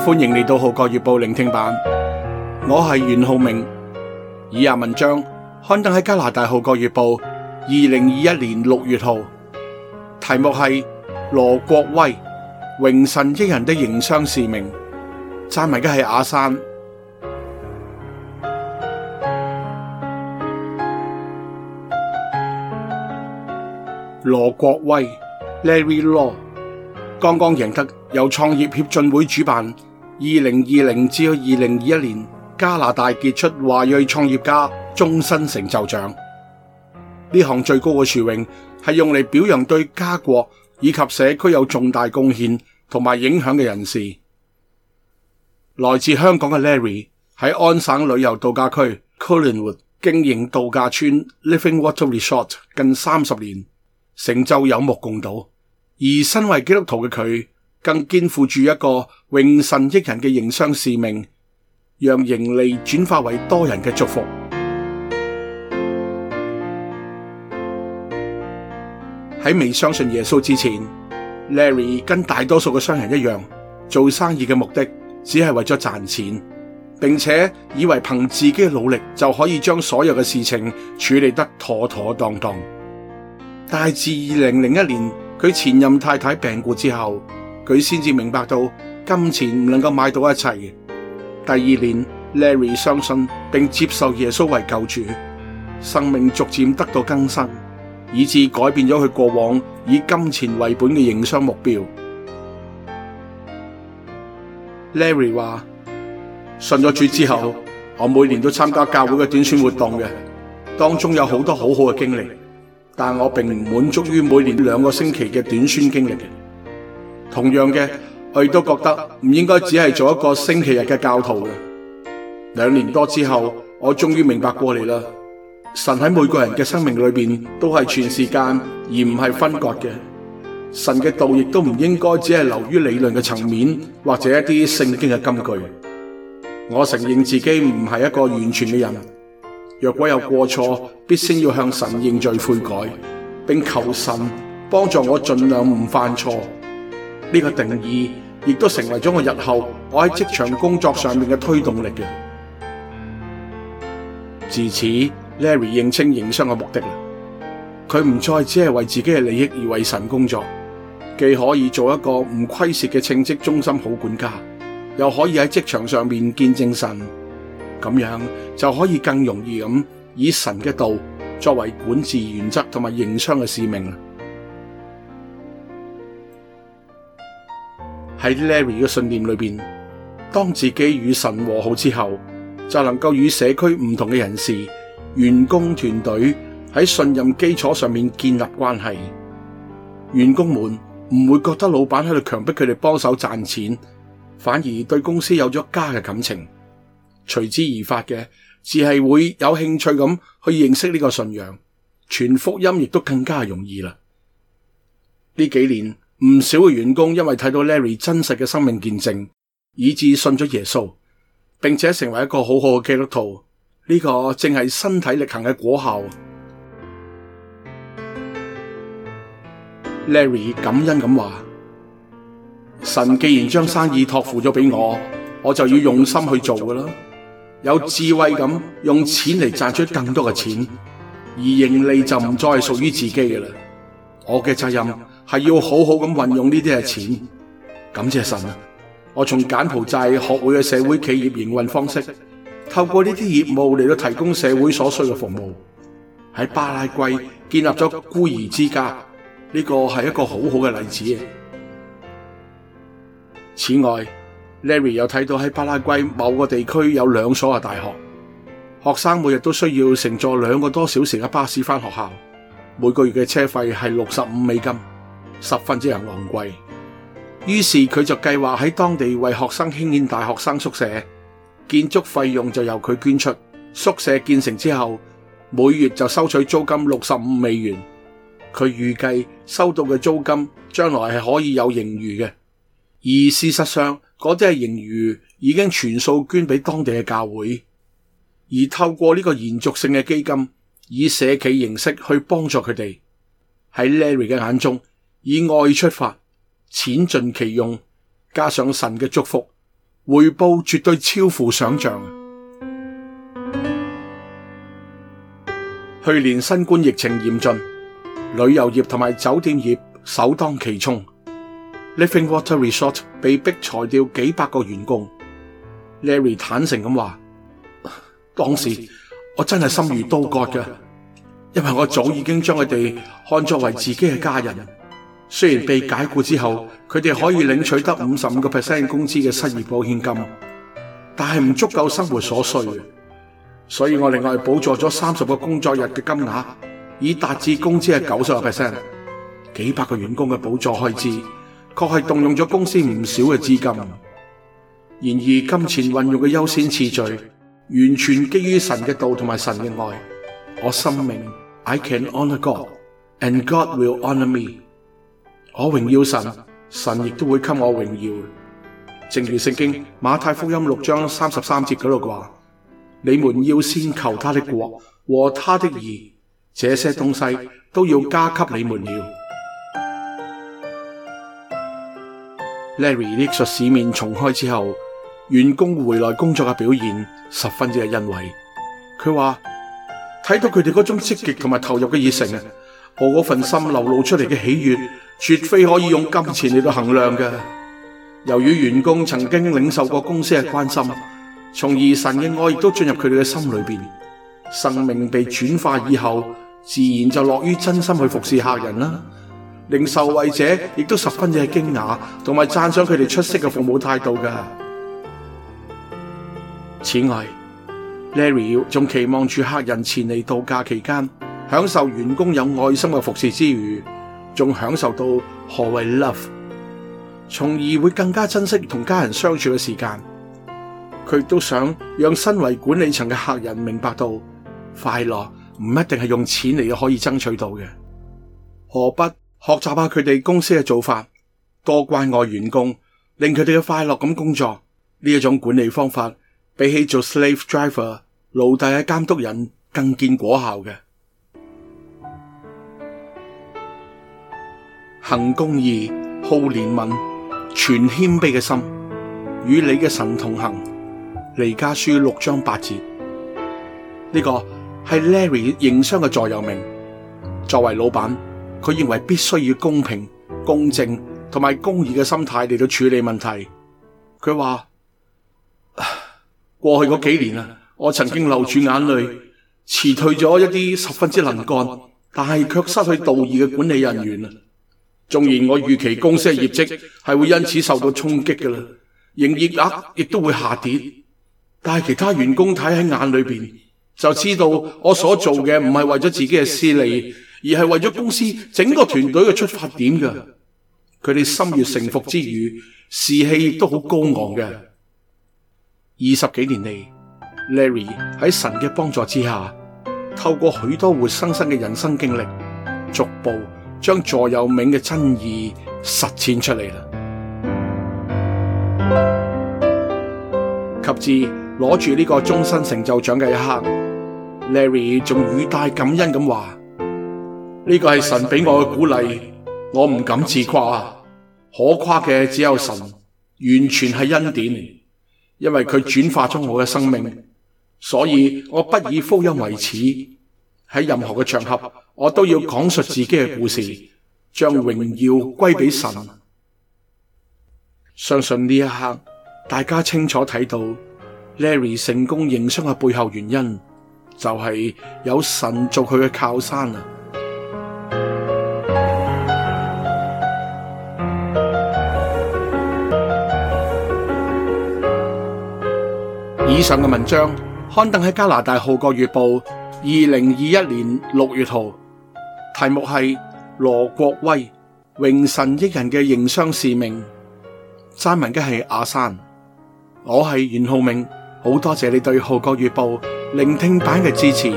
歡迎嚟到《號角月報》聆聽版，我是袁浩明。以下文章刊登喺加拿大《號角月報》二零二一年六月號，題目是羅國威榮神益人的營商使命。撰文嘅係阿山。羅國威 Larry Law 剛剛贏得由創業協進會主辦，二零二零至二零二一年，加拿大傑出華裔創業家終身成就獎，呢項最高嘅殊榮係用嚟表揚對加國以及社區有重大貢獻同埋影響嘅人士。來自香港嘅 Larry 喺安省旅遊度假區 Collingwood 經營度假村 Living Water Resort 近三十年，成就有目共睹。而身為基督徒嘅佢，更肩負住一個榮神益人嘅營商使命，讓盈利轉化為多人嘅祝福。喺未相信耶穌之前，Larry 跟大多數嘅商人一樣，做生意嘅目的只係為咗賺錢，並且以為憑自己嘅努力就可以將所有嘅事情處理得妥妥當當。但係自二零零一年佢前任太太病故之後，佢先至明白到金錢唔能夠買到一切。第二年，Larry 相信並接受耶穌為救主，生命逐漸得到更新，以致改變咗佢過往以金錢為本嘅營商目標。Larry 話：「信咗主之後，我每年都參加教會嘅短宣活動嘅，當中有好多好好嘅經歷，但我並唔滿足於每年兩個星期嘅短宣經歷。」同樣嘅，我亦都覺得唔應該只係做一個星期日嘅教徒嘅。兩年多之後，我終於明白過嚟啦。神喺每個人嘅生命裏邊都係全時間而唔係分割嘅。神嘅道亦都唔應該只係留於理論嘅層面或者一啲聖經嘅金句。我承認自己唔係一個完全嘅人，若果有過錯，必須要向神認罪悔改，並求神幫助我盡量唔犯錯。呢、這個定義亦都成為咗我日後我喺職場工作上面嘅推動力。自此，Larry 認清營商嘅目的啦，佢唔再只係為自己嘅利益而為神工作，既可以做一個唔虧蝕嘅稱職、忠心好管家，又可以喺職場上面見證神，噉樣就可以更容易噉以神嘅道作為管治原則同埋營商嘅使命啦。喺 Larry 嘅信念裏邊，當自己與神和好之後，就能夠與社區唔同嘅人士、員工團隊喺信任基礎上面建立關係。員工們唔會覺得老闆喺度強迫佢哋幫手賺錢，反而對公司有咗家嘅感情。隨之而發嘅，只係會有興趣咁去認識呢個信仰，傳福音亦都更加容易啦。呢幾年，唔少嘅員工因為睇到 Larry 真實嘅生命見證，以致信咗耶穌，並且成為一個好好嘅基督徒。呢個正係身體力行嘅果效。Larry 感恩咁話：神既然將生意託付咗俾我，我就要用心去做㗎啦，有智慧咁用錢嚟，賺出更多嘅錢，而盈利就唔再係屬於自己嘅啦。我嘅責任。係要好好咁運用呢啲嘅錢，感謝神啊！我從柬埔寨學會嘅社會企業營運方式，透過呢啲業務嚟到提供社會所需嘅服務。喺巴拉圭建立咗孤兒之家，呢個係一個好好嘅例子。此外，Larry 又睇到喺巴拉圭某個地區有兩所嘅大學，學生每日都需要乘坐兩個多小時嘅巴士返學校，每個月嘅車費係六十五美金。十分之昂貴，於是佢就計劃喺當地為學生興建大學生宿舍，建築費用就由佢捐出。宿舍建成之後，每月就收取租金六十五美元。佢預計收到嘅租金將來係可以有盈餘嘅，而事實上嗰啲係盈餘已經全數捐俾當地嘅教會，而透過呢個延續性嘅基金，以社企形式去幫助佢哋。喺 Larry 嘅眼中，以愛出發，錢盡其用，加上神嘅祝福，回報絕對超乎想象。 去年新冠疫情嚴峻，旅遊業同埋酒店業首當其衝。 Living Water Resort 被逼裁，裁掉幾百個員工。Larry 坦誠咁話： 當時我真係心如刀割嘅，因為我早已經將佢哋看作為自己嘅家人。雖然被解雇之後，佢哋可以領取得五十五個 percent 工資嘅失業保險金，但係唔足夠生活所需，所以我另外補助咗三十個工作日嘅金額，以達至工資係九十五 percent。幾百個員工嘅補助開支，確係動用咗公司唔少嘅資金。然而，金錢運用嘅優先次序，完全基於神嘅道同埋神嘅愛。我生命，I can honor God and God will honor me。我榮耀神，神亦都會給我榮耀。正如聖經馬太福音六章三十三節嗰度話：你們要先求他的國和他的義，這些東西都要加給你們了。Larry 憶述市面重開之後，員工回來工作嘅表現十分之係欣慰。佢話睇到佢哋嗰種積極同埋投入嘅熱誠，我嗰份心流露出嚟嘅喜悅，絕非可以用金錢嚟到衡量嘅。由於員工曾經領受過公司嘅關心，從而神嘅愛亦都進入佢哋嘅心裏面。生命被轉化以後，自然就樂於真心去服侍客人啦。令受惠者亦都十分嘅驚訝，同埋讚賞佢哋出色嘅服務態度嘅。此外，Larry 仲期望住客人前嚟度假期間，享受員工有愛心嘅服侍之餘，仲享受到何謂 love，從而會更加珍惜同家人相處嘅時間。佢都想讓身為管理層嘅客人明白到快樂唔一定係用錢嚟可以爭取到嘅。何不學習下佢哋公司嘅做法，多關愛員工，令佢哋嘅快樂咁工作呢一種管理方法，比起做 slave driver 老大嘅監督人更見果效嘅。行公義、好憐憫、存謙卑嘅心，與你嘅神同行。彌迦書六章八節，呢個係 Larry 營商嘅座右銘。作為老闆，佢認為必須要公平、公正同埋公義嘅心態嚟到處理問題。佢話過去嗰幾年啊，我曾經流住眼淚辭退咗一啲十分之能幹，但係卻失去道義嘅管理人員縱然我預期公司嘅業績係會因此受到衝擊嘅啦，營業額亦都會下跌，但係其他員工睇喺眼裏邊就知道我所做嘅唔係為咗自己嘅私利，而係為咗公司整個團隊嘅出發點嘅。佢哋心悅誠服之餘，士氣亦都好高昂嘅。二十幾年嚟，Larry 喺神嘅幫助之下，透過許多活生生嘅人生經歷，逐步將座右銘嘅真意實踐出嚟啦！及至攞住呢個終身成就獎嘅一刻，Larry 仲語帶感恩咁話：呢個係神俾我嘅鼓勵，我唔敢自誇，可誇嘅只有神，完全係恩典，因為佢轉化出我嘅生命，所以我不以福音為恥，喺任何嘅場合，我都要講述自己嘅故事，將榮耀歸俾神，神。相信呢一刻，大家清楚睇到 Larry 成功營商嘅背後原因，就係有神做佢嘅靠山啊！ 以上嘅文章刊登喺加拿大《號角月報》二零二一年六月號。題目係羅國威榮神益人嘅營商使命，撰文嘅係阿珊，我係袁浩明，好多謝你對《號角月報》聆聽版嘅支持。